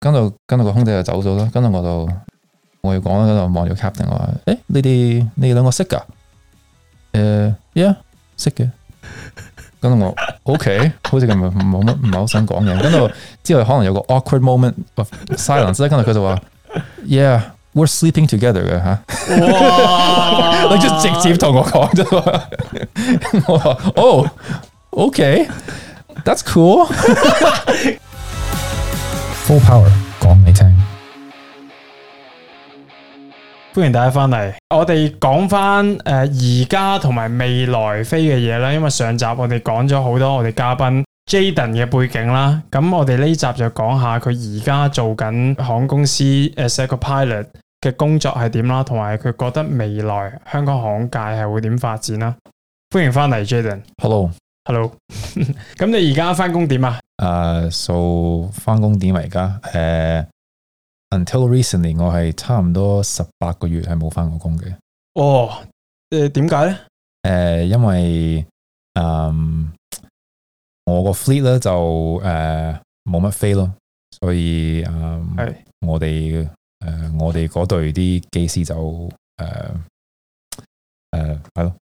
跟到跟到個空姐就走咗啦，跟到我就我要講啦，跟到望住 Captain 我話，誒呢啲呢兩個識噶，誒，yeah，識嘅，跟到我，ok，好似唔係冇乜唔係好想講嘅，跟到之後可能有個 awkward moment，silence，跟到佢就話，yeah，we're sleeping together 嘅吓，哇，你直接同我講咋，我話，哦，ok，that's cool。Full power 講你聽，歡迎大家翻嚟。我哋講翻誒，而家同埋未來飛嘅嘢啦，因為上集我哋講咗好多我哋嘉賓 Jaden 嘅背景啦。咁我哋呢集就講下佢而家做緊航空公司誒，as a pilot 嘅工作係點啦，同埋佢覺得未來香港行界係會點發展啦。歡迎翻嚟，Jaden。Hello。hello，咁 你而家翻工點啊？誒、uh, so, 啊，所以翻工點而家？誒，until recently 我係差唔多十八個月係冇翻過工嘅。哦，誒、呃，點解咧？誒，uh, 因為，嗯、um,，我個 fleet 咧就誒冇乜飛咯，所以，係、um, 是我哋誒、uh, 我哋嗰隊啲機師就誒誒係咯。Uh, uh,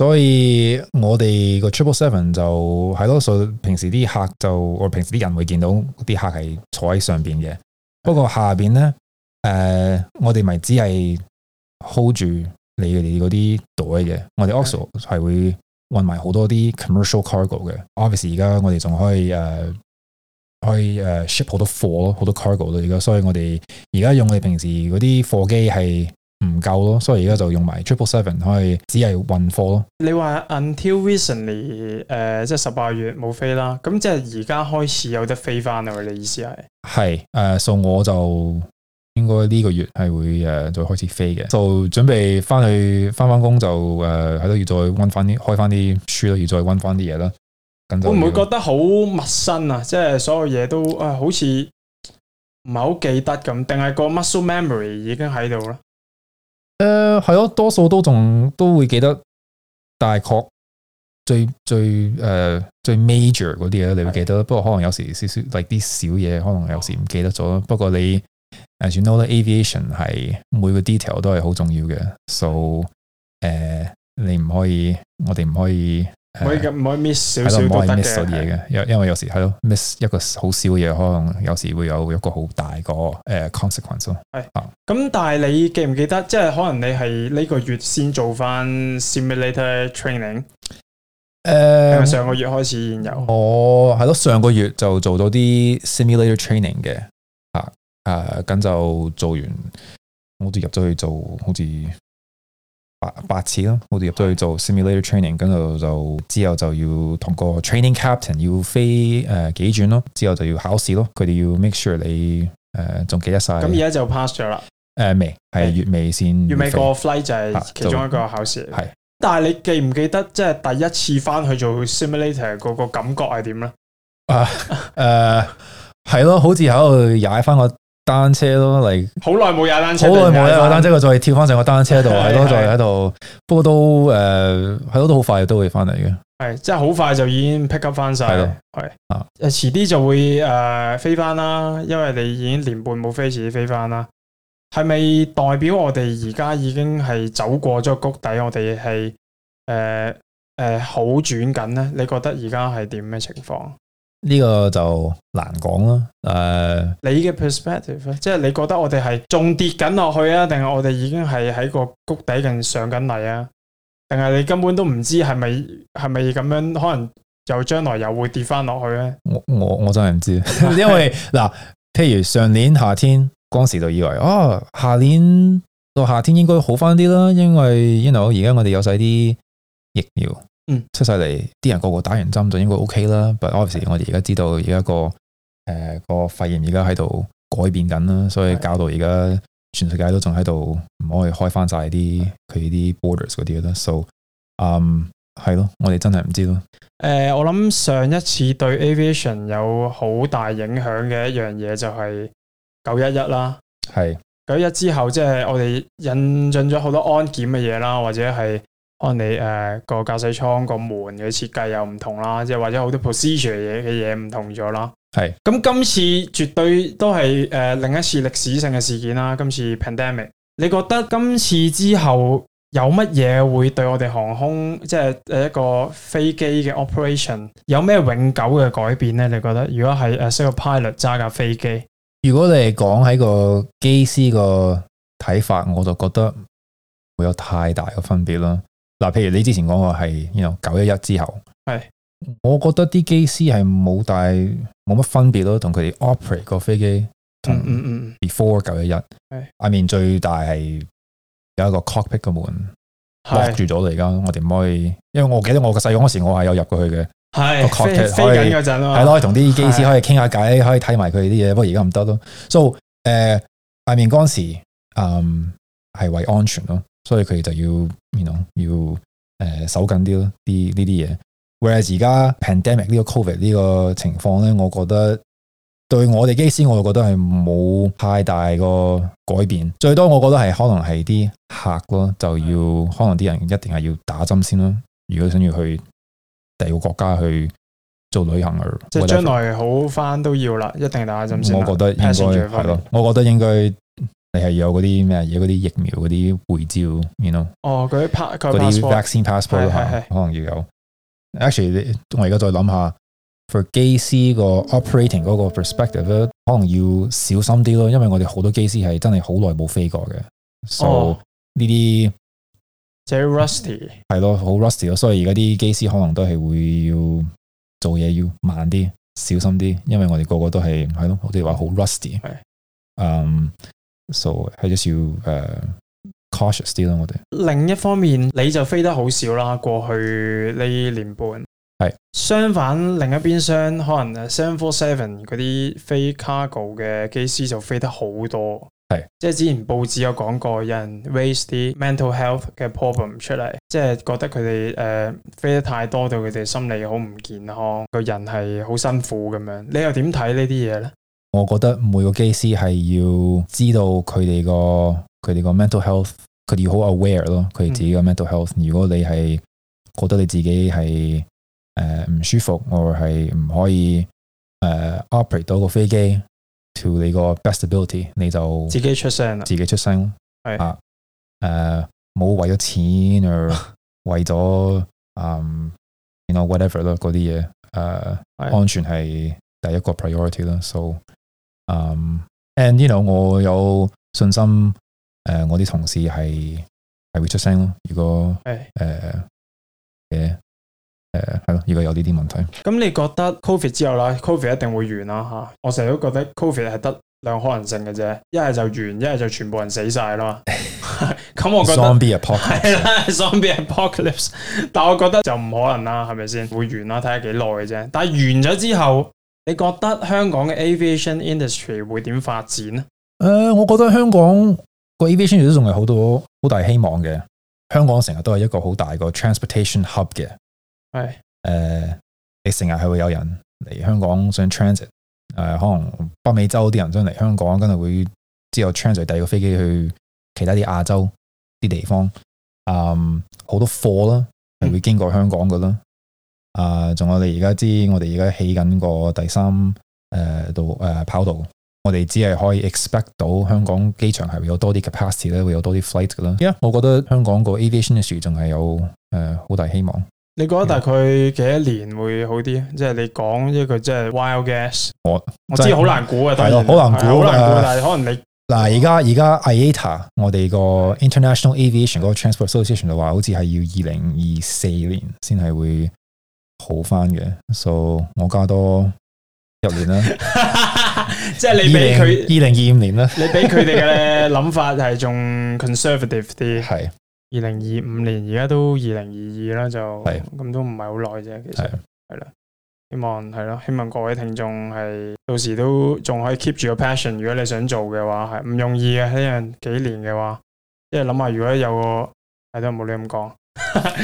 所以我哋個 Triple Seven 就係咯，所以平時啲客就，我平時啲人會見到啲客係坐喺上邊嘅。不過下邊咧，誒、呃、我哋咪只係 hold 住你哋嗰啲袋嘅。我哋 also 係會運埋好多啲 commercial cargo 嘅。Obviously 而家我哋仲可以誒、呃，可以誒 ship 好多貨好多 cargo 咯。而家所以我哋而家用我哋平時嗰啲貨機係，唔夠咯，所以而家就用埋 Triple Seven 可以只係運貨咯。你話 Until recently，誒、呃，即係十八月冇飛啦，咁即係而家開始有得飛翻啦。你意思係？係誒、呃，所以我就應該呢個月係會誒、呃、再開始飛嘅。就準備翻去翻翻工就誒，喺度要再溫翻啲開翻啲書都要再溫翻啲嘢啦。咁會唔會覺得好陌生啊，即係所有嘢都誒、呃、好似唔係好記得咁，定係個 muscle memory 已經喺度啦。.誒，係咯、uh,，多數都仲都會記得大，大概最最誒、uh, 最 major 嗰啲嘢你會記得。的不過可能有時少少，例如啲小嘢，可能有時唔記得咗。不過你 as you know，the aviation 係每個 detail 都係好重要嘅，so 誒，uh, 你唔可以，我哋唔可以。唔可以唔的可以 miss 少少嘅嘢嘅，因的的因為有時係咯的，miss 一個好少嘅嘢，可能有時會有一個好大個誒、uh, consequence 的。係、啊，咁但係你記唔記得，即係可能你係呢個月先做翻 simulator training？誒，上個月開始有。哦，係咯，上個月就做咗啲 simulator training 嘅，啊啊，咁就做完，我都入咗去做，好似。八八次咯，我哋入咗去做 simulator training，跟住就就之後就要同個 training captain 要飛誒、呃、幾轉咯，之後就要考試咯，佢哋要 make sure 你誒仲、呃、記得晒。咁而家就 pass 咗啦，誒未係月尾先。月尾個 flight 就係其中一個考試，係、啊。但係你記唔記得即係、就是、第一次翻去做 simulator 個個感覺係點咧？誒誒係咯，好似喺度踩係翻個單車咯嚟，好耐冇踩單車，好耐冇踩單車，單車我再跳翻上個單車度，係咯 Okay,，再喺度。不過都誒，係咯，都好快都會翻嚟嘅。係，即係好快就已經 pick up 翻晒，係啊、嗯。誒是，遲啲、嗯、就會誒、uh，飛翻啦，因為你已經年半冇飛，遲啲飛翻啦。係咪代表我哋而家已經係走過咗谷底？我哋係誒誒好轉緊咧？你覺得而家係點咩情況？呢個就難講啦，誒、呃，你嘅 perspective，即係你覺得我哋係仲跌緊落去啊，定係我哋已經係喺個谷底勁上緊嚟啊？定係你根本都唔知係咪係咪咁樣？可能就將來又會跌翻落去咧？我我我真係唔知，因為嗱，譬 如上年夏天，當時就以為，哦，下年到夏天應該好翻啲啦，因為 you know，而家我哋有晒啲疫苗。嗯、出晒嚟，啲人個個打完針就應該 O K 啦，但係，obviously，我哋而家知道而家個誒、呃、個肺炎而家喺度改變緊啦，所以搞到而家全世界都仲喺度唔可以開翻晒啲佢啲 borders 嗰啲啦。So，嗯，係咯，我哋真係唔知咯。誒、呃，我諗上一次對 aviation 有好大影響嘅一樣嘢就係九一一啦。係九一一之後，即係我哋引進咗好多安檢嘅嘢啦，或者係。按你誒個駕駛艙個門嘅設計又唔同啦，即係或者好多 procedure 嘅嘢唔同咗啦。係是，咁今次絕對都係誒另一次歷史性嘅事件啦。今次 pandemic，你覺得今次之後有乜嘢會對我哋航空，即係誒一個飛機嘅 operation 有咩永久嘅改變咧？你覺得如果係誒需要 pilot 揸架飛機，如果你係講喺個機師個睇法，我就覺得會有太大嘅分別啦。嗱，譬如你之前講個係，you know 九一一之後，係是我覺得啲機師係冇帶冇乜分別咯，同佢哋 operate 個飛機，同嗯嗯，嗯，before 九一一，係，下面最大係有一個 cockpit 嘅門，係是住咗嚟噶。我哋唔可以，因為我記得我，我是個細個嗰時，我係有入過去嘅，係個 cockpit，可以，係咯，同啲機師可以傾下偈，是可以睇埋佢哋啲嘢，不過而家唔得咯。so 誒、呃，下面嗰時，嗯，係為安全咯。所以佢就要，you know, 要誒、呃、守緊啲咯，啲呢啲嘢。whereas 而家 pandemic 呢個 covid 呢個情況咧，我覺得對我哋機師，我就覺得係冇太大個改變。最多我覺得係可能係啲客咯，就要、嗯、可能啲人一定係要打針先咯。如果想要去第二個國家去做旅行，即係將來好翻都要啦，一定打針先。我覺得應該係咯，我覺得應該。你係有嗰啲咩嘢？嗰啲疫苗嗰啲護照，你 you know？哦，嗰啲 pass，嗰啲 vaccine passport 係係係，可能要有。actually，我而家再諗下，for 機師個 operating 嗰個 perspective 咧，可能要小心啲咯，因為我哋好多機師係真係好耐冇飛過嘅、哦、，so 呢啲，即係 rusty，係咯，好 rusty 咯，y, 所以而家啲機師可能都係會要做嘢要慢啲，小心啲，因為我哋個個都係係咯，我哋話好 rusty，係是，嗯。Um, 所以係少誒，cautious 啲咯，我哋另一方面，你就飛得好少啦。過去呢年半係是相反，另一邊廂可能 Seven Four Seven 嗰啲飛 cargo 嘅機師就飛得好多。係是即係之前報紙有講過，有人 raise 啲 mental health 嘅 problem 出嚟，即係覺得佢哋誒飛得太多，對佢哋心理好唔健康，個人係好辛苦咁樣。你又點睇呢啲嘢咧？我覺得每個機師係要知道佢哋個佢哋個 mental health，佢哋好 aware 咯，佢哋自己個 mental health。如果你係覺得你自己係誒唔舒服，我係唔可以誒、呃、operate 到個飛機 to 你個 best ability，你就自己出聲，自己出聲係啊誒，冇的、啊呃、為咗錢，或 為咗啊，你、um, you know, whatever 咯，嗰啲嘢，誒安全係第一個 priority 啦，so。嗯、um,and you know 我有信心誒，我啲同事係係會出聲咯。如果誒誒誒係咯，如果有呢啲問題，咁你覺得 Covid 之後啦，Covid 一定會完啦吓？我成日都覺得 Covid 係得兩可能性嘅啫，一係就完，一係就全部人死晒啦嘛。咁我覺得係啦，喪屍 apocalypse 但我覺得就唔可能啦、啊，係咪先會完啦？睇下幾耐嘅啫。但係完咗之後。你覺得香港嘅 aviation industry 會點發展呢？誒、呃，我覺得香港個 aviation industry 都仲係好多好大希望嘅。香港成日都係一個好大個 transportation hub 嘅，係誒是、呃，你成日係會有人嚟香港想 transit，誒、呃，可能北美洲啲人想嚟香港，跟住會之後 transit 第二個飛機去其他啲亞洲啲地方，嗯，好多貨啦係會經過香港噶啦。嗯在在啊，仲有你而家知，我哋而家起緊個第三誒道誒跑道，我哋只係可以 expect 到香港機場係會有多啲 capacity 咧，會有多啲 flight 噶啦。嗯、我覺得香港個 aviation 樹仲係有誒好、啊、大希望。你覺得大概幾多年會好啲？即係你講一個即係 wild guess 我 我知好的難估啊，大佬。好難估，好難估。但係是可能你嗱，而家而家 IATA，我哋個 International Aviation 嗰個 Transport Association 就話，好似係要二零二四年先係會。好翻嘅，所、so，以我加多十年啦，即係 你俾佢二零二五年啦， 你俾佢哋嘅諗法係仲 conservative 啲，係二零二五年，而家都二零二二啦，就係咁都唔係好耐啫，是其實係啦是，希望係咯，希望各位聽眾係到時都仲可以 keep 住個 passion，如果你想做嘅話，係唔容易嘅，呢樣幾年嘅話，即係諗下，如果有個係都冇你咁講。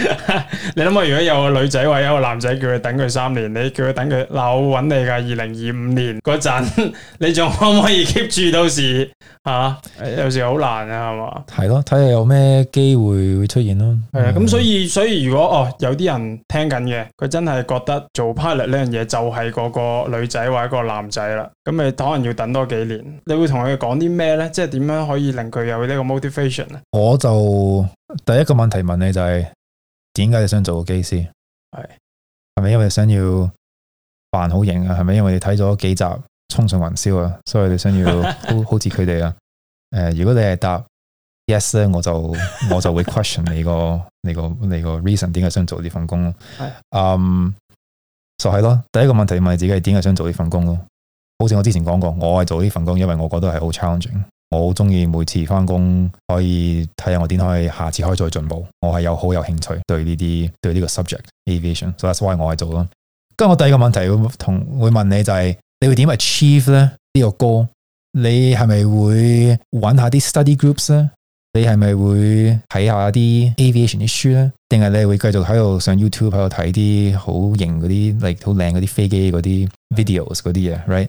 你諗下，如果有個女仔或者一個男仔叫佢等佢三年，你叫佢等佢，嗱，我揾你噶，二零二五年嗰陣，你仲可唔可以 keep 住到時啊？有時好難啊，係嘛？係咯，睇下有咩機會會出現咯。係、嗯、啊，咁所以所以如果哦，有啲人聽緊嘅，佢真係覺得做 partner 呢樣嘢就係嗰個女仔或者個男仔啦。咁你可能要等多幾年？你會同佢講啲咩咧？即係點樣可以令佢有呢個 motivation 咧？我就第一個問題問你就係、是，點解你想做個機師？係係咪因為想要扮好型啊？係咪因為你睇咗幾集衝上雲霄啊？所以你想要好似佢哋啊？誒、 呃，如果你係答 yes 咧，我就我就會 question 你個 你個你個 reason 點解想做呢份工咯、啊？係嗯是，就係、um, 咯。第一個問題問你自己係點解想做呢份工咯、啊？好似我之前講過，我係做呢份工，因為我覺得係好 challenging，我好中意每次返工可以睇下我點可以下次可以再進步，我係有好有興趣對呢啲對呢個 subject aviation，so that's why 我係做咯。咁我第二個問題會同會問你就係、是、你會點 achieve 咧呢、這個歌？你係咪會揾下啲 study groups 咧？你係咪會睇下啲 aviation 啲書咧？定係你係會繼續喺度上 YouTube 喺度睇啲好型嗰啲 like 好靚嗰啲飛機嗰啲 videos 嗰啲嘢，right？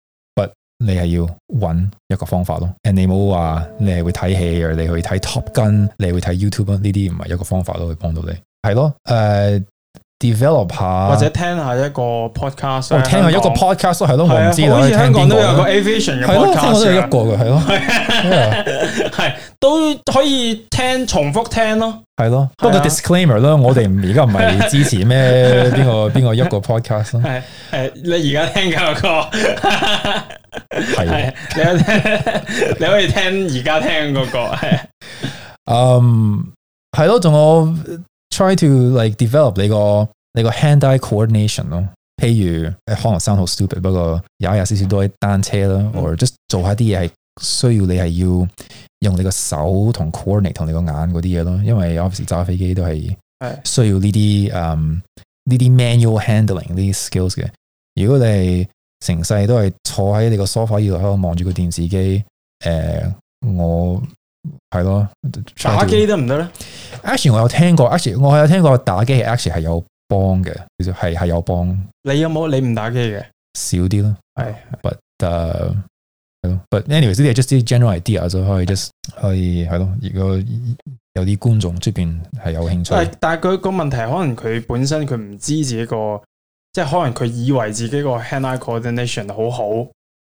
你係要揾一個方法咯，and 你冇話你係會睇戲，你去睇 Top Gun，你會睇 YouTube 呢啲唔係一個方法咯，去幫到你，係咯，誒、uh。develop 下或者聽下一個 podcast，我聽下一個 podcast 係我唔知啦，香港都有個 aviation 嘅 podcast，係一個嘅，係咯，係都可以聽重複聽咯，係咯。不過 disclaimer 咯，我哋而家唔係支持咩邊個邊個一個 podcast 咯，係誒，你而家聽緊個，係，你可以你可以聽而家聽嘅個，嗯，係咯，仲有。Try to like develop 你個你個 hand-eye coordination 咯、mm，譬如可能 sound 好 stupid，不過有有少少都喺單車啦，或者做下啲嘢係需要你係要用你個手同 coordin 同你個眼嗰啲嘢咯，因為有時揸飛機都係需要呢啲嗯呢啲 manual handling 呢啲 skills 嘅。如果你係成世都係坐喺你個 sofa 依度喺度望住個電視機，誒我係咯，打機得唔得咧？Actually，我有聽過 Actually，我有聽過打機，Actually 係有幫嘅，係係有幫。你有冇？你唔打機嘅少啲咯。係是，but 係、uh, 咯，but anyway，呢啲係 just general idea，之後可以 just 可以係咯。如果有啲觀眾，呢邊係有興趣。但係但係佢個問題，可能佢本身佢唔知自己個，即係可能佢以為自己個 hand eye coordination 好好。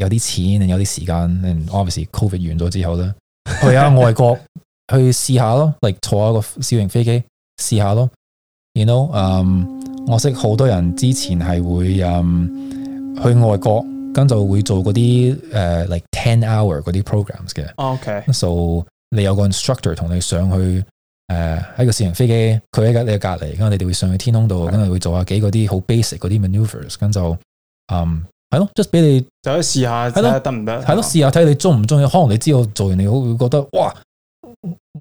有啲錢，有啲時間，and obviously COVID 完咗之後咧， 去下外國去試下咯，嚟坐一個小型飛機試下咯。You know，嗯、um,，我識好多人之前係會嗯、um, 去外國，跟住會做嗰啲誒 like ten hour 嗰啲 programs 嘅。Okay, so 你有個 instructor 同你上去誒喺、uh, 個小型飛機，佢喺隔你隔離，咁你哋會上去天空度，跟住 Right. 會做下幾嗰啲好 basic 嗰啲 maneuvers，跟住嗯。Um, 係咯，即係俾你就可以試下得唔得，係咯，試下睇下你中唔中意。可能你知道做完你好會覺得，哇！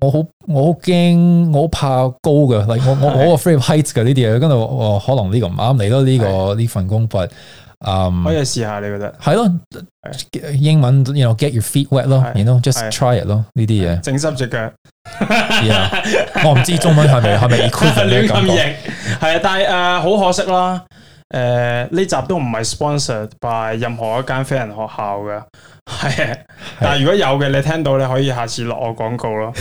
我好我好驚我好怕高嘅。例如我我我個 free height 嘅呢啲嘢，跟住我可能呢個唔啱你咯，呢個呢份工法。嗯，可以試下你覺得係咯，英文，你 know get your feet wet 咯，你 know just try it 咯，呢啲嘢整濕隻腳，我唔知中文係咪係咪 equivalent 呢個感覺，係啊，但係誒好可惜啦。誒，呢、呃、集都唔係 sponsor by 任何一間飛人學校嘅，係。是的 但係如果有嘅，你聽到你可以下次落我廣告咯、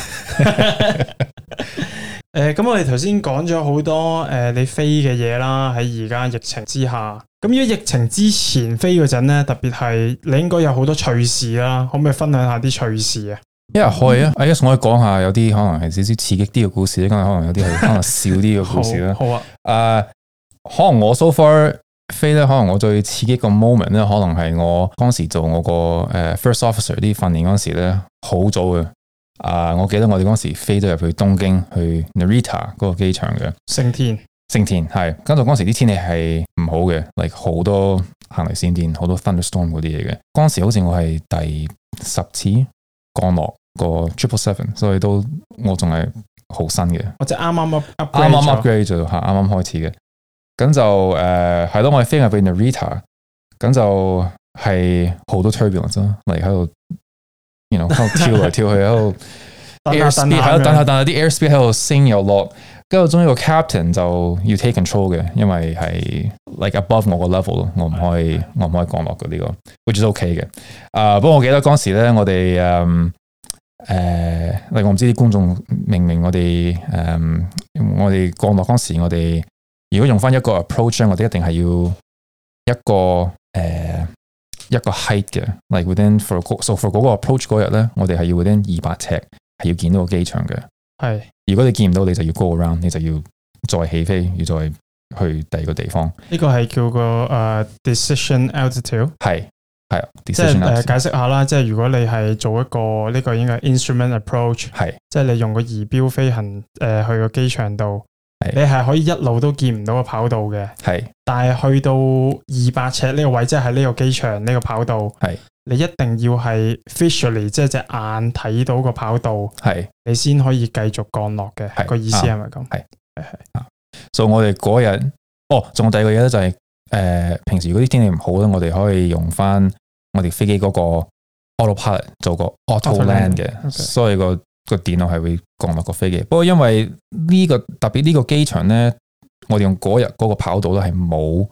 呃。誒，咁我哋頭先講咗好多誒，你飛嘅嘢啦，喺而家疫情之下，咁如果疫情之前飛嗰陣咧，特別係你應該有好多趣事啦，可唔可以分享下啲趣事啊？因為可以啊，I guess 我可以講下有啲可能係少少刺激啲嘅故事咧，可能有啲係可能少啲嘅故事啦。 好啊，誒。Uh, okay. 可能我 so far 飛咧，可能我最刺激個 moment 咧，可能係我當時做我個誒 first officer 啲訓練嗰時咧，好早嘅。啊，我記得我哋嗰時飛都入去東京去 Narita 嗰個機場嘅。成田。成田係。跟住嗰時啲天氣係唔好嘅 like 好多行雷閃電，好多 thunderstorm 嗰啲嘢嘅。嗰時好似我係第十次降落個 triple seven，所以都我仲係好新嘅。我，我即係啱啱 upgrade 啱啱 upgrade 就吓，啱啱開始嘅。咁就誒係咯，我哋飛埋去 Narita，咁就係好多 turbulence 咯，例如喺度，然後喺度跳嚟跳去，喺度 airspeed 喺度，等下等下啲 airspeed 喺度升又落，跟住終於個 captain 就要 take control 嘅，因為係 like above 我個 level 咯，我唔可以我唔可以降落嘅呢個，which is okay 嘅。啊，不過我記得嗰陣時咧，我哋誒，例如我唔知啲觀眾明唔明我哋誒，我哋降落嗰陣時我哋。如果用翻一個 approach 咧，我哋一定係要一個誒、uh, 一個 height 嘅 l、like、i within for so for 嗰個 approach 嗰日咧，我哋係要 within 二百尺，係要見到個機場嘅。係是，如果你見唔到，你就要 go around，你就要再起飛，要再去第二個地方。呢個係叫個誒、uh, decision altitude。係係啊 decision altitude，即係誒解釋下啦，即係如果你係做一個呢、這個應該 instrument approach，係的，即係你用個儀表飛行誒、uh, 去個機場度。是你係可以一路都見唔到個跑道嘅，係是，但係去到二百尺呢個位，即係呢個機場呢、呢個跑道，係是，你一定要係 physically 即係隻眼睇到個跑道，係是，你先可以繼續降落嘅，是個意思係咪咁？係係係，所以我哋嗰日，哦，仲第二個嘢咧就係、是，誒、呃，平時如果啲天氣唔好咧，我哋可以用翻我哋飛機嗰個 autopilot 做個 auto land 嘅，所以個。啊 okay. 個電腦係會降落個飛機，不過因為呢、這個特別呢個機場咧，我哋用嗰日嗰個跑道咧係冇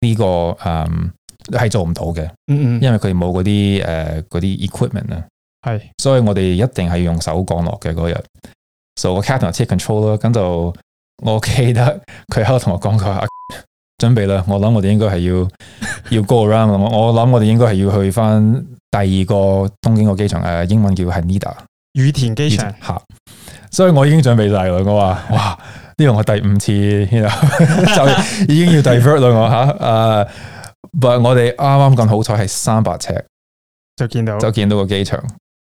呢個誒，係做唔到嘅。嗯嗯，因為佢冇嗰啲誒嗰啲 equipment 啊，係、呃，是所以我哋一定係用手降落嘅嗰日。So，個 catalyst control 啦，咁就我記得佢喺度同我講，佢話準備啦。我諗我哋應該係要 要 go around，我諗我哋應該係要去翻第二個東京個機場誒、呃，英文叫 Haneda。羽田機場，吓、啊，所以我已經準備晒啦。我話，哇，呢、這、樣、個、我第五次，you know, 就已經要 divert 啦。 uh, 我吓，誒，但我哋啱啱咁好彩係三百尺就見到，就見到個機場。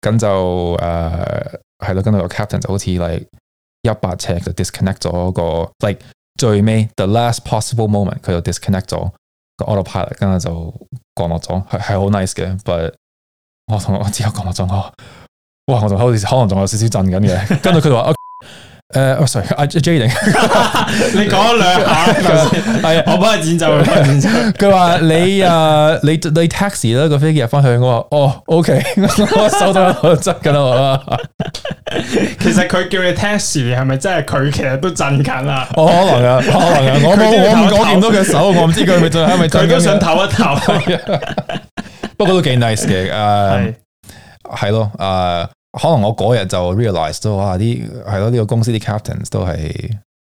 咁就誒，係、uh, 咯，跟住個 captain 就好似嚟一百尺就 disconnect 咗、那個，like 最尾 the last possible moment 佢就 disconnect 咗個 autopilot，跟住就降落咗，係好 nice 嘅。但係我同我只有降落咗。哦哇，我仲好，可能仲有少少震緊嘅。跟住佢就話：誒 sorry 阿 J a 你講咗兩下係啊，我幫佢演奏佢話：你誒，你你 taxi 啦個飛機入翻去。我話：哦，OK，我手收到執噶啦。其實佢叫你 taxi 係咪真係佢？其實都震緊啦。可能啊，可能啊，我冇我冇攰掂到佢手，我唔知佢咪係咪佢都想唞一唞。不過都幾 nice 嘅，誒，係咯，誒。可能我嗰日就 realize 都啊，啲係咯，呢、這個公司啲 captains 都係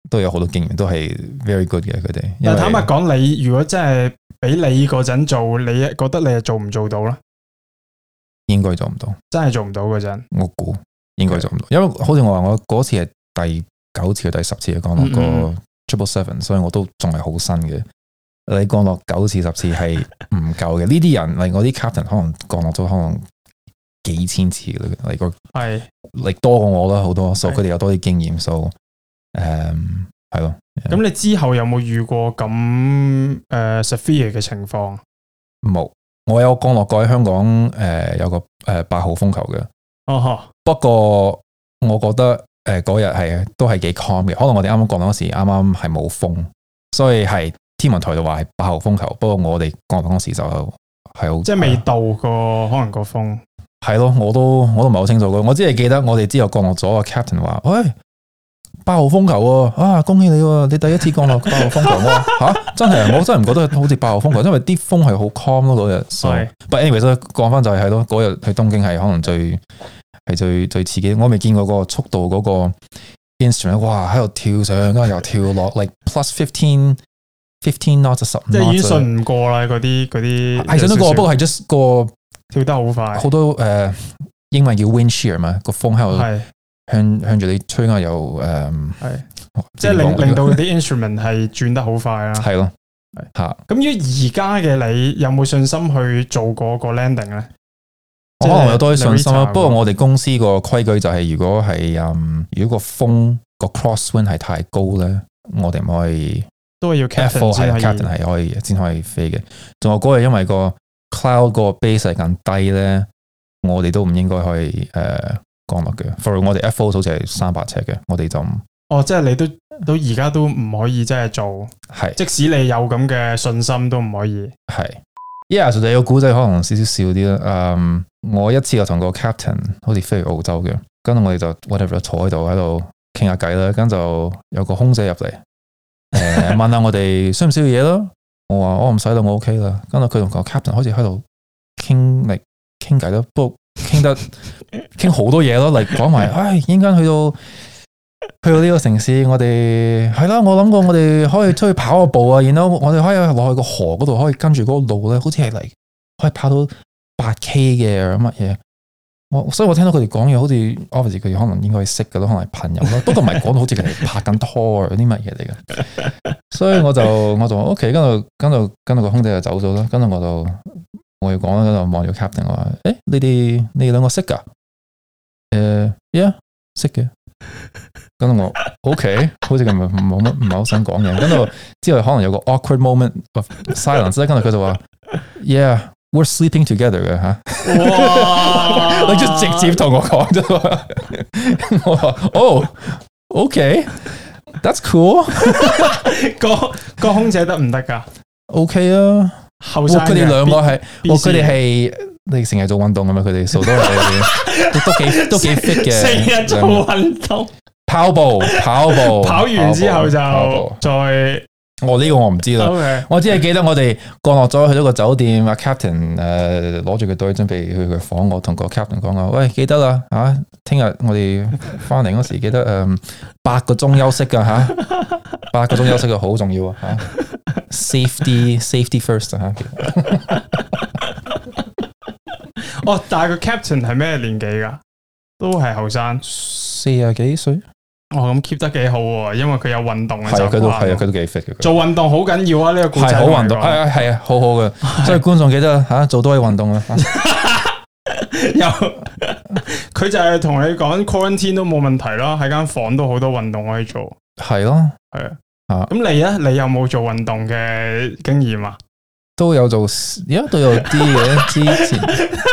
都有好多經驗，都係 very good 嘅佢哋。因但坦白講，你如果真係俾你嗰陣做，你覺得你做唔做到咧？應該做唔到，真係做唔到嗰陣。我估應該做唔到，因為好似我話我嗰次係第九次、第十次嘅降落個 triple seven，所以我都仲係好新嘅。你降落九次、十次係唔夠嘅，呢啲 人嚟我啲 captain 可能降落咗，可能。幾千次啦，嚟個係你多過我啦，好多，所以佢哋有多啲經驗，所以誒係咯。咁、嗯、你之後有冇遇過咁誒、呃、Sophia 嘅情況？冇，我有降落過喺香港，誒、呃、有個誒八號風球嘅。哦吓，不過我覺得誒嗰日係都係幾 calm 嘅，可能我哋啱啱降落嗰時啱啱係冇風，所以係天文台度話係八號風球。不過我哋降落嗰時就係好，即係未到過，可能個風。係咯，我都我都唔係好清楚咯。我只係記得我哋之後降落咗，個 Captain 話：喂、哎，八號風球啊！啊恭喜你、啊，你第一次降落八號風球 啊！嚇，真係？我真係唔覺得好似八號風球，因為啲風係好 calm 咯嗰日。係是。but anyways 咧，講翻就係係咯，嗰日去東京係可能最係最最刺激。我未見過個速度嗰個 instrument，哇！喺度跳上，跟住又跳落嚟。 like、plus fifteen fifteen knots 十五，係已經信唔過啦嗰啲嗰啲。係信得過，不過係 just 過。跳得好快，好多誒，英文叫 wind shear 嘛，個風喺度向向住你吹啊，又誒，即係令令到啲 instrument 係轉得好快啦。係咯，吓。咁於而家嘅你有冇信心去做嗰個 landing 咧？我可能有多啲信心啦。不過我哋公司個規矩就係，如果係，如果個風個 cross wind 係太高咧，我哋唔可以，都係要 captain 係 captain 係可以先可以飛嘅。仲有嗰個因為個。Cloud 嗰個 base 係咁低咧，我哋都唔應該可以誒、呃、降落嘅。For 我哋 FOS 好似係三百尺嘅，我哋就哦，即係你都都而家都唔可以即係做係，是即使你有咁嘅信心都唔可以。係，yes，就係個古仔可能少少少啲啦。嗯，我一次又同個 captain 好似飛去澳洲嘅，跟住我哋就 whatever 坐喺度喺度傾下偈啦，跟住就有個空姐入嚟，誒、呃、問下我哋需唔需要嘢咯。 我話我唔使到我 OK 啦，跟住佢同個 captain 開始喺度傾力傾偈咯，不過傾得傾好多嘢咯，嚟講埋，唉、哎，一陣間去到去到呢個城市，我哋係啦，我諗過我哋可以出去跑下步啊，然後我哋可以落去個河嗰度，可以跟住嗰個路咧，好似係嚟，可以跑到八 K 嘅乜嘢。我所以我聽到佢哋講嘢，好似 office 佢哋可能應該識嘅咯，可能係朋友咯。不過唔係講到好似人哋拍緊拖啊啲乜嘢嚟嘅。 所以我就我就 OK，跟住跟住跟住個空姐就走咗啦。跟住我就我要講喺度望住 captain 話，誒呢啲呢兩個識噶？誒 y 識嘅。跟住我 OK，好似佢唔冇乜唔係好想講嘅。跟住之後可能有個 awkward moment silence 跟。跟住佢就話，yeah。We're sleeping together，哈？哇！你就直接同我講。哦，OK，That's cool。個個空姐得唔得噶？OK 啊。後生佢哋兩個係，哦，佢哋係，你成日做運動啊嘛？佢哋好多人都幾都幾 fit 嘅。成日做運動，跑步，跑步，跑完之後就再。我呢、哦，這個我唔知啦，Okay. 我只係記得我哋降落咗去咗個酒店，阿 Captain 誒攞住個袋準備去佢房，我同個 Captain 講啊，喂，記得啦，啊聽日我哋翻嚟嗰時記得誒八個鐘休息噶吓，八個鐘休息嘅好重要啊，Safety Safety First 啊， 哦，但係個 Captain 係咩年紀噶？都係後生，四十幾歲？哦，咁 keep 得幾好啊，因為佢有運動啊，就係佢都係啊，佢都幾 fit 嘅。做運動好緊要啊，呢、呢個故事好運動，係係啊，哎哎哎好好嘅。的所以觀眾記得啊，做多啲運動啊。有， 佢就係同你講，quarantine 都冇問題咯，喺間房都好多運動可以做。係咯的，係的啊。咁你咧，你有冇做運動嘅經驗啊？都有做，而家都有啲嘅之前。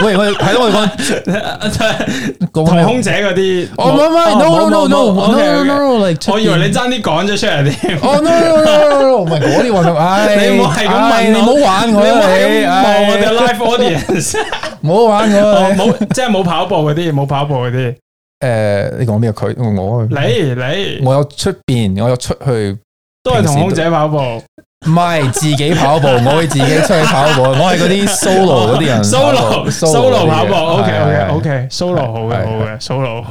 喂，我係咯，我講太空姐嗰啲。哦，唔唔，no no no no no 我以為你爭啲講咗出嚟啲。哦，no no no no，唔係嗰啲話題。你唔好係咁問，你唔好玩我啦。你唔好玩我哋 live audience，唔好玩我。冇，即係冇跑步嗰啲，冇跑步嗰啲。誒，你講咩？佢我你你，我有出邊，我有出去，都係同空姐跑步。唔係自己跑步，我可以自己出去跑步。我係嗰啲 solo 嗰啲人。solo solo 跑步，ok ok ok solo 好嘅好嘅 solo。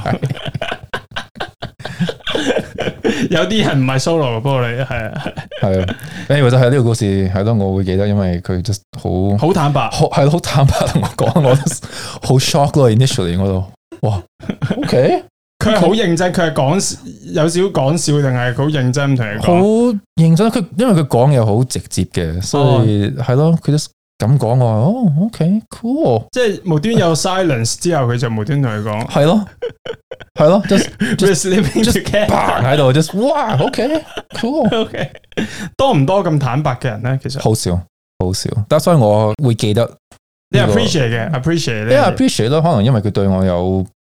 有啲人唔係 solo，不過你係啊係啊。anyway 就係呢個故事，係咯，我會記得，因為佢都好好坦白，係咯好坦白同我講，我都好 shock 咯。 initially，我就哇，ok。佢係好認真，佢係講有少少講笑，定係好認真同你講？好認真，佢因為佢講嘢好直接嘅，所以係咯，佢都咁講我。哦，OK，cool，即係無端有 silence 之後，佢就無端同佢講。係咯，係咯，just just leaving to catch 喺度，just 哇，OK，cool，OK，多唔多咁坦白嘅人咧？其實好少，好少。但係所以我會記得，你 appreciate 嘅，appreciate，你 appreciate 咯。可能因為佢對我有。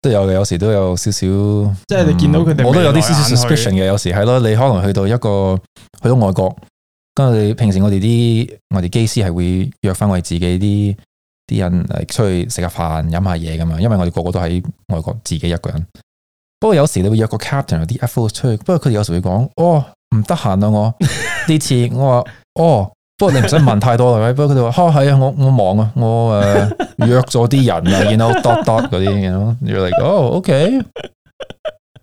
都有嘅，有時都有少少。即係你見到佢哋，我都有啲少少 suspicion 嘅。有時係咯，你可能去到一個去到外國，跟住平時我哋啲我哋機師係會約翻我哋自己啲啲人嚟出去食下飯飲下嘢噶嘛。因為我哋個個都喺外國自己一個人。不過有時你會約個 captain 或啲 FO 出去，不過佢哋有時會講：哦，唔得閒啊！我呢次我話哦。不過你唔使問太多啦喂，不過佢哋話，哦係啊，我我忙啊，我誒、uh, 約咗啲人啊，然後 dot dot 嗰啲，然後你話哦，OK，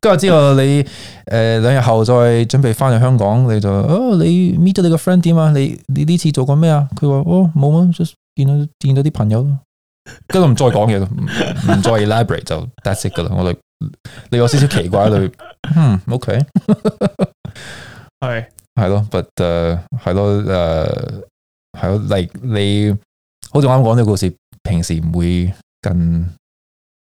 跟住之後你誒、呃、兩日後再準備翻去香港，你就哦、oh, 你 meet 咗你個 friend 點啊？你你呢次做過咩啊？佢話哦冇啊 just 見到見到啲朋友咯，跟住唔再講嘢唔再 elaborate 就、so、that's it 噶啦，我哋，你有少少奇怪你，嗯、hmm,，OK，係。 係咯，but 誒，係咯，誒，係咯，你、呃、你，好似我啱啱講呢個故事，平時唔會咁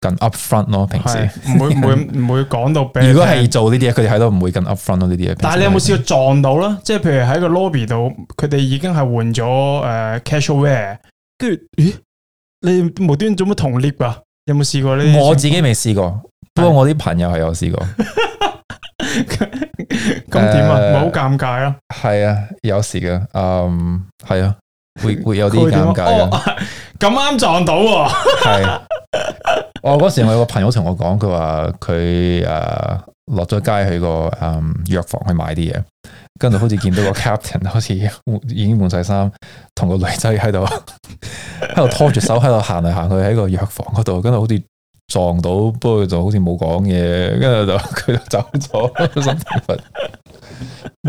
咁 upfront 咯， 平時唔會唔會唔會講到。如果係做呢啲嘢，佢哋喺度唔會咁 upfront 咯呢啲嘢。但係你有冇試過撞到咯？ 即係譬如喺個 lobby 度，佢哋已經係換咗誒 casual wear，跟住咦，你無端做乜同 lift 啊？有冇試過呢啲嘢？我自己未試過，不過的我啲朋友係有試過。 咁點 啊？唔係好尷尬啊。係啊，有時嘅，嗯，係啊，會會有啲尷尬。咁啱、啊哦啊、撞到、啊，係、 啊。我嗰時我有個朋友同我講，佢話佢誒落咗街去、個嗯藥房去買啲嘢，跟住好似見到個 captain，好似已經換晒衫，同個女仔喺度，喺度拖住手喺度行嚟行去喺個藥房嗰度，跟住好似。撞到，不過就好似冇講嘢，跟住就佢就走咗，心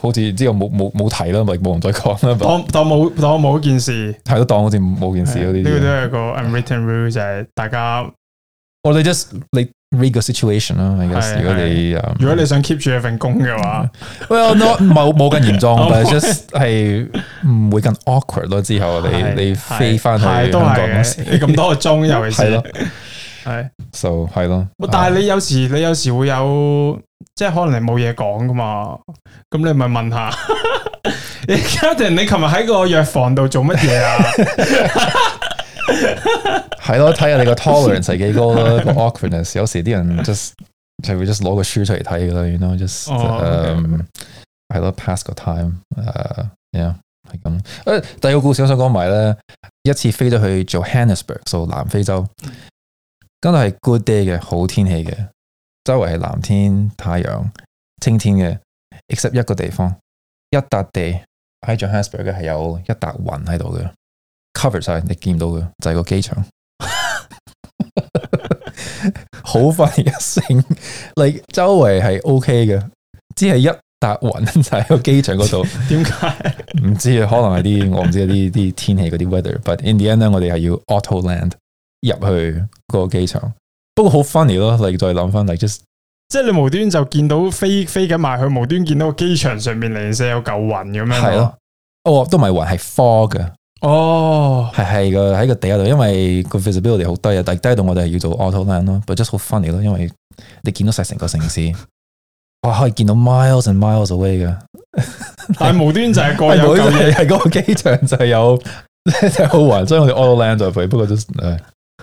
好似之後冇冇冇提啦，咪冇人再講啦。當當冇當冇件事，係咯，當好似冇件事嗰啲。呢個都係個 unwritten rule，就係、是、大家。我哋 just 你 read 個 situation 啦，有咯，如果你如果你想 keep 住一份工嘅話喂，我唔係冇冇咁嚴重， 但係 just 係會更 awkward 咯。之後 你你飛翻去香港 你咁多個鐘，尤其是。係，就係咯。Uh, 但係你有時你有時會有，即係可能你冇嘢講噶嘛，咁你咪問，問下呵呵。Ethan 你琴日喺個藥房度做乜嘢啊？係咯，睇下你個 tolerance 係幾高咯，個 awkwardness。有時啲人 just 就會 just 攞個書出嚟睇噶啦，you know，just，嗯，I e pass 個 time，誒，係咁。誒，第二個故事我想講埋咧，一次飛咗去 Johannesburg 做南非洲。今日係 good day 嘅好天氣嘅，周圍係藍天太陽青天嘅。except 一個地方，一笪地，Johannesburg，oh，嘅係有一笪雲喺度嘅，cover 晒你見到嘅就係，是，個機場。 好快一聲，你周圍係 OK 嘅，只係一笪雲就喺個機場嗰度。點解？唔知啊，可能係啲我唔知啲啲天氣嗰啲 weather，but in the end 咧，我哋係要 auto land。入去個機場，不過好 funny 咯。你再諗翻嚟，just 即係你無端就見到飛飛緊埋去，無端見到個機場上面零舍有舊雲咁樣。係咯，哦，都唔係雲，係 fog 嘅。哦，係係㗎喺個地下度，因為個 visibility 好低啊。但係低度我哋係要做 auto land 咯，but just 好 funny 咯。因為你見到晒成個城市， 哦、我可以見到 miles and miles away 嘅， 但係無端就係 個有舊嘢，係嗰個機場就係有真係好雲。所以我哋 auto land 就飛，不過都、就、誒、是。哎.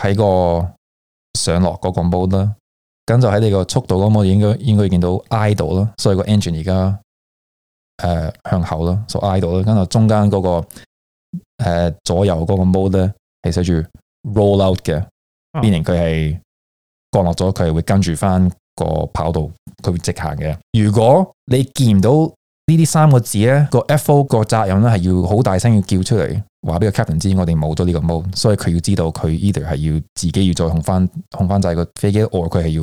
喺個上落嗰個 mode 啦，咁就喺你個速度嗰個應該應該見到 idle 啦，所以個 engine 而家誒向後啦，所 idle 啦，咁就中間嗰個誒左右嗰個 mode 咧，係寫住 roll out 嘅，meaning 佢係降落咗，佢係會跟住翻個跑道，佢會直行嘅。如果你見唔到呢啲三個字咧，個 F.O. 個責任咧係要好大聲要叫出嚟。話俾個 captain 知，我哋冇咗呢個 mode，所以佢要知道佢 either 係要自己要再控翻控翻制個飛機，or 佢係要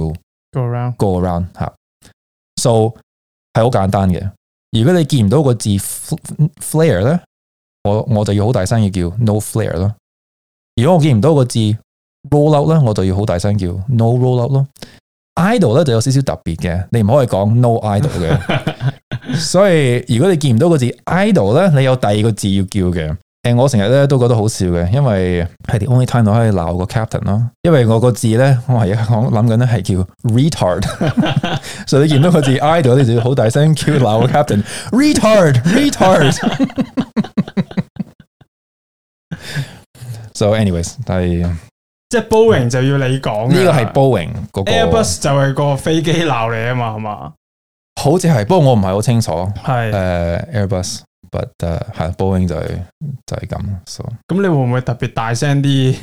go around go around 吓。So, 係好簡單嘅。如果你見唔到個字 flare fl 咧，我我就要好大聲要叫 no flare 咯。如果我見唔到個字 roll out 咧，我就要好大聲叫 no roll out 咯。idle 咧就有少少特別嘅，你唔可以講 no idle 嘅。 所以如果你見唔到個字 idle 咧，你有第二個字要叫嘅。誒，我成日咧都覺得好笑嘅，因為係 the only time 我可以鬧個 captain 咯，因為我個字咧，我係講諗緊咧係叫 retard，所以你見到個字 I 度，你就好大聲叫鬧個 captain retard retard。So anyways，但係即係 Boeing 就要你講，呢個係 Boeing 個 Airbus 就係個飛機鬧你啊嘛，係嘛？好似係，不過我唔係好清楚，係誒 Airbus。But 係、uh, yeah,，Boeing 就係、是、就係、是、咁。咁、so 嗯、你會唔會特別大聲啲？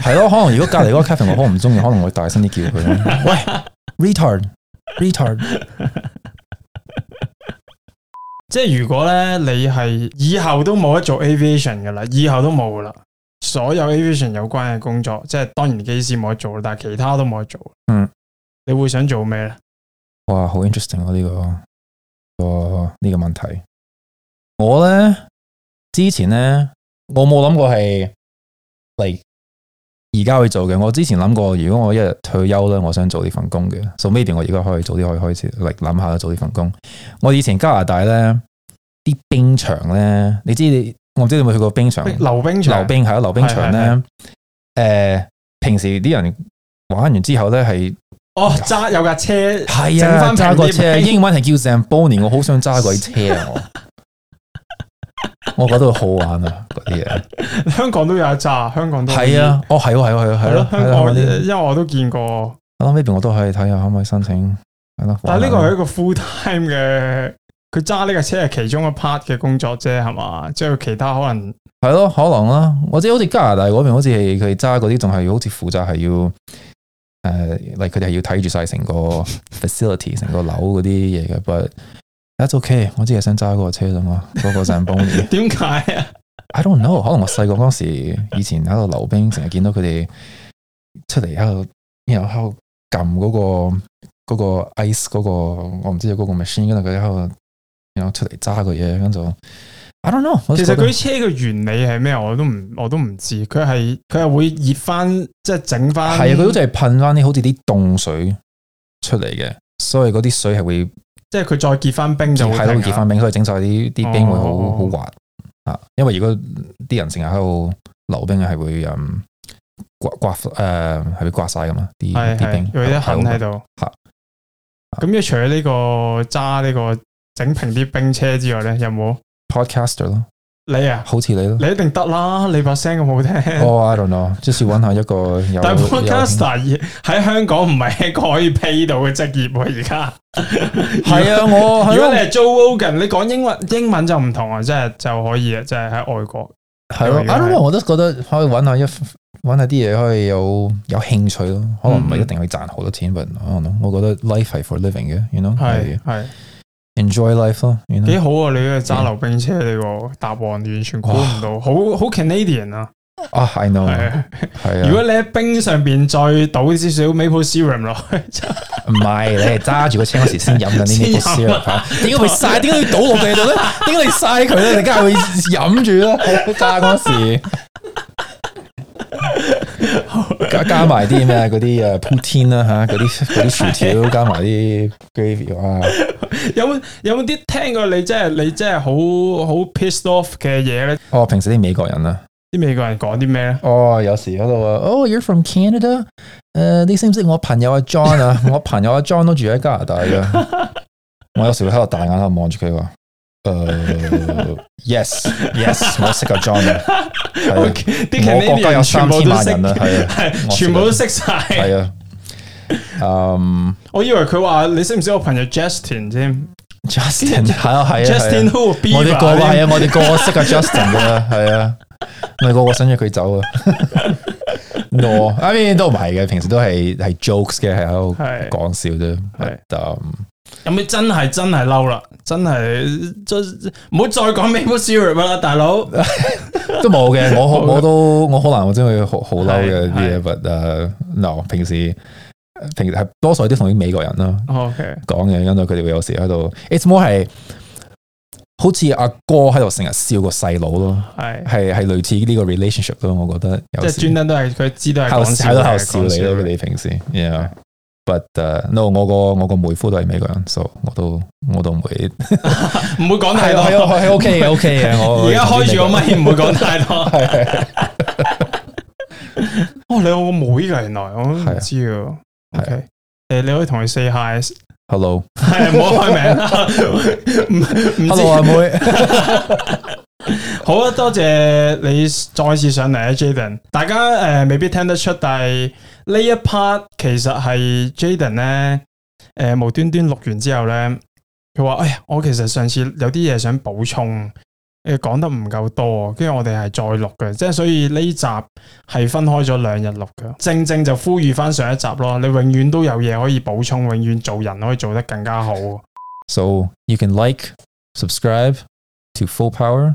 係咯， 可能如果隔籬嗰個 Captain 我可能唔中意，可能我會大聲啲叫佢。 喂，return，return。即係如果咧，你係以後都冇得做 aviation 噶啦，以後都冇噶啦，所有 aviation 有關嘅工作，即係當然機師冇得做，但係其他都冇得做。嗯，你會想做咩咧？哇，好 interesting 啊、這個！呢個個呢個問題。我咧之前咧，我冇諗過係嚟而家去做嘅。我之前諗過，如果我一日退休啦，我想做呢份工嘅。所、so、以 maybe 我而家可以早啲可以開始嚟諗下做呢份工。我以前加拿大咧啲冰場咧，你知你，我唔知你有冇去過冰場？溜冰場，溜冰係啊，溜冰場咧。誒、呃，平時啲人玩完之後咧係，哦揸、呃、有架車係啊，揸個車，英文係叫 Zamboni， 我好想揸嗰啲車啊。 我覺得好玩啊，嗰啲嘢，香港都有揸。香港都係啊，哦係喎係喎係喎係咯，香港因為我都見過， 我諗呢邊我都可以睇下可唔可以申請，係咯。但係呢個係一個 full time 嘅，佢揸呢個車係其中一 part 嘅工作啫，係嘛，即係其他可能係咯， 可能啦。或者好似加拿大嗰邊好似係佢揸嗰啲，仲係好似負責係要，誒，佢哋係要睇住晒成個 facility 成個樓嗰啲嘢嘅，不。That's ok，我只係想揸嗰個車啫嘛，嗰個 sample 點解啊？I don't know，可能我細個嗰時以前喺度溜冰，成日見到佢哋出嚟，喺度、那個那個那個那個，然後喺度撳嗰個嗰個 ice 嗰個我唔知叫嗰個 machine，跟住喺度，然後出嚟揸個嘢咁就。I don't know，其實佢啲車嘅原理係咩，我都唔我都唔知。佢係佢係會熱翻，即係整翻，係佢都係噴翻啲好似啲凍水出嚟嘅，所以嗰啲水係會。即係佢再結翻冰就係都會結翻冰，佢整晒啲啲冰會好好滑啊！哦、因為如果啲人成日喺度溜冰，係會，呃、會刮刮誒，係會刮晒噶嘛啲啲冰有啲痕喺度。咁一除咗呢個揸呢個整平啲冰車之外咧，有冇 Podcaster 咯？你啊，好似你咯，你一定得啦，你把聲咁好聽。我、oh, I don't know 即使搵下一個有。 但係 Podcaster 喺香港唔係一個可以 pick 到嘅職業喎、啊 為，而家係啊，我如果你係做 organ 你講英文英文就唔同啊，即係就可以，即係喺外國係咯。阿、 啊、I don't know，我都覺得可以搵下一搵下啲嘢，可以有有興趣咯、啊。可能唔係一定要以賺好多錢，可能、mm.。我覺得 life 係 for living 嘅，你 you know 係係的。Enjoy life 啊！幾好啊！你呢個揸溜冰車你、嗯、個答案完全估唔到，哇好好 Canadian 啊！啊，I know，係啊是。如果你喺冰上邊再倒少少 Maple Syrup 落，唔係 你係揸住個車嗰時先飲緊啲 Maple Syrup 啦。點解會曬？點解要倒落地度咧？點解嚟晒佢咧？你梗係會飲住啦，揸嗰時。加加埋啲咩啊？嗰啲誒 poutine 啦吓，嗰啲啲薯條 加埋啲 gravy 啊！ 有冇有冇啲聽過你即係你即係好好 pissed off 嘅嘢咧？哦，平時啲美國人啊，啲美國人講啲咩咧？哦，有時嗰度、oh, 呃、啊，啊，哦，you're from Canada 誒，你識唔識我朋友阿 John 啊？我朋友阿 John 都住喺加拿大嘅，我有時會喺度大眼喺度望住佢話。誒，yes yes，我識個 John，我國家有三千萬人啦，係啊，全部都識晒，係啊。嗯，我以為佢話你識唔識我朋友 Justin 啫，Justin 係啊係啊，Justin Who Bieber，我哋個個係，我哋個個識個 Justin 噶，係啊，我哋個個想約佢走啊。No，I mean 都唔係嘅，平時都係係 jokes 嘅，係喺度講笑啫，係咁。有冇真係真係嬲啦？真係再唔好再講美 a Series 啦，大佬 都冇嘅。我 的我都我可能我真係好嬲嘅啲嘢，但係，平時平時係多數啲同啲美國人啦。o 講嘢，okay. 因為佢哋會有時喺度。It's more 係、like, 好似阿哥喺度成日笑個細佬咯，係係係類似呢個 relationship 咯。我覺得是即係專登都係佢知道係笑你咯。佢哋平時對 but no 我個我個妹夫都係美國人，so 我都我都唔會唔會講太多，係 OK 嘅 OK 嘅，我而家開住個麥唔會講太多，係。哇，你有個妹嚟，原來我唔知啊。o 誒，你可以同佢 say hi，hello，係唔好開名，唔唔知啊妹。 好啊，多謝你再次上嚟啊，Jaden。大家誒，uh, 未必聽得出，但係呢一 part 其實係 Jaden 咧誒、呃，無端端錄完之後咧，佢話哎呀，我其實上次有啲嘢想補充，誒、啊、講得唔夠多，跟住我哋係再錄嘅，即係所以呢集係分開咗兩日錄嘅。正正就呼籲翻上一集咯，你永遠都有嘢可以補充，永遠做人可以做得更加好。So you can like, subscribe to full power.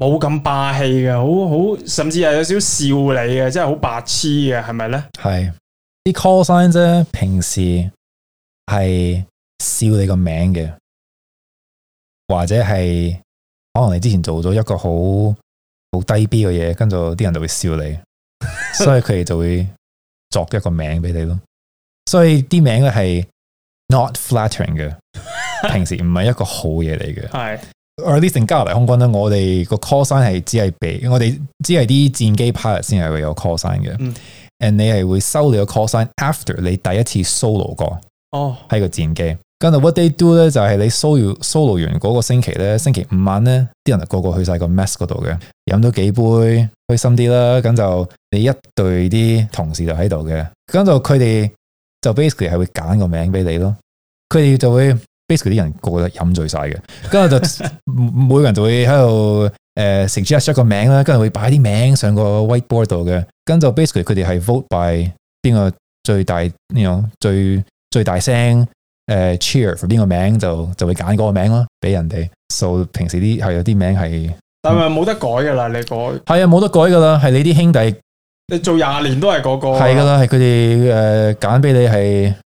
冇咁霸氣嘅，好好甚至係有少少笑你嘅，即係好白痴嘅，係咪咧？係啲 call sign 啫，平時係笑你個名嘅，或者係可能你之前做咗一個好好低 B 嘅嘢，跟住啲人就會笑你， 所以佢哋就會作一個名俾你咯。所以啲名係 not flattering 嘅，平時唔係一個好嘢嚟嘅。係。 啊啲加拿大空軍咧，我哋個 call sign 係只係俾，我哋只係啲戰機 pilot 先係會有 call sign 嘅。嗯，and 你係會收你個 call sign after 你第一次 solo 過。哦，喺個戰機。跟住 what they do 咧，就係、是、你 solo solo 完嗰個星期咧，星期五晚咧，啲人個個去晒個 mess 嗰度嘅，飲咗幾杯，開心啲啦。咁就你一隊啲同事就喺度嘅。跟住就佢哋就 basically 係會揀個名俾你咯，佢哋就會。Basically 啲人個個都飲醉晒嘅，跟住就 每個人就、呃、會喺度誒，寫住阿出一個名啦，跟住會擺啲名上個 whiteboard 度嘅，跟就 basically 佢哋係 vote by 邊個最大呢種 you know, 最最大聲誒、呃、cheer 邊個名就就會揀嗰個名咯，俾人哋數、so, 平時啲係有啲名係，但係冇得改噶啦，你改係啊冇得改噶啦，係你啲兄弟，你做廿年都係嗰個、啊，係噶啦，係佢哋誒揀俾你係。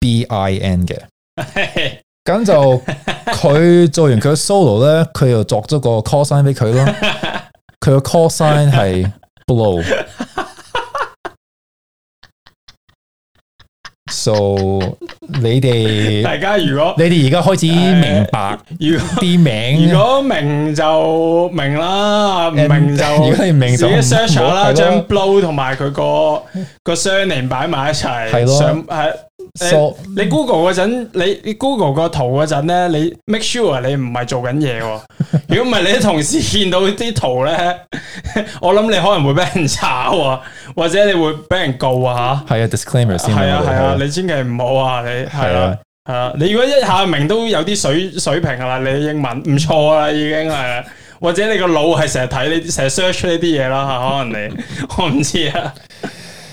B I N 嘅，咁就佢做完佢嘅 solo 咧，佢又作咗個 call sign 俾佢啦。佢個 call sign 係 blow。So 你哋大家如果你哋而家開始明白，啲名如果明就明啦，唔明就如果你唔明就 search 下啦，將 blow 同埋佢個個 surname 擺埋一齊，係咯，你 Google 嗰陣，你 Google 個圖嗰陣咧，你 make sure 你唔係做緊嘢喎。如果唔係，你啲同事見到啲圖咧，我諗你可能會俾人炒啊，或者你會俾人告啊吓。係啊，disclaimer 先。係啊係啊，你千祈唔好啊你係啊係啊。你如果一下明都有啲水水平啦，你英文唔錯啦已經係，或者你個腦係成日睇你成日 search 呢啲嘢啦吓，可能你我唔知啊。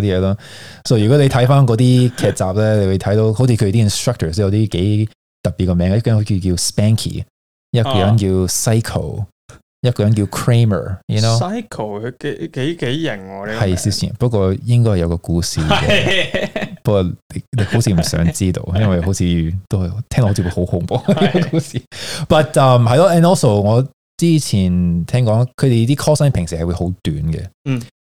啲嘢咯，所以、so, 如果你睇翻嗰啲劇集咧，你會睇到好似佢啲 instructors 有啲幾特別個名，一個叫叫 Spanky，一個人叫，叫 Psycho，一個人叫 Cramer，啊、你知唔知？Psycho 佢幾幾幾型、啊？係少少，不過應該有個故事， 不過你你好似唔想知道，因為好似都聽好似好恐怖個故事。 是 But 係咯，and also 我之前聽講佢哋啲 call sign 平時係會好短嘅，嗯。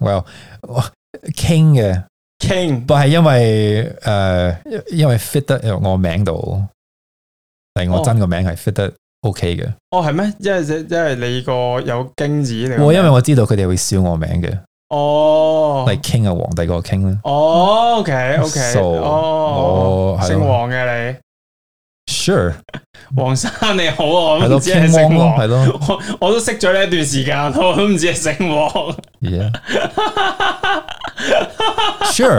well，傾嘅傾，但係因為誒，因為 fit 得我名度，但係我真個名係 fit 得 OK 嘅。哦，係咩？因為因為你個有京字，我因為我知道佢哋會笑我名嘅。哦，嚟傾啊，皇帝個傾咧。哦，OK，OK，傻。哦，姓王嘅你。sure，黃生你好啊，我都唔知係姓黃，係咯，我我都識咗呢一段時間，我都唔知係姓黃，yeah，sure，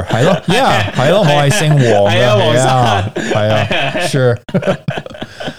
係咯，yeah，係咯，我係姓黃啊，黃生，係啊，sure。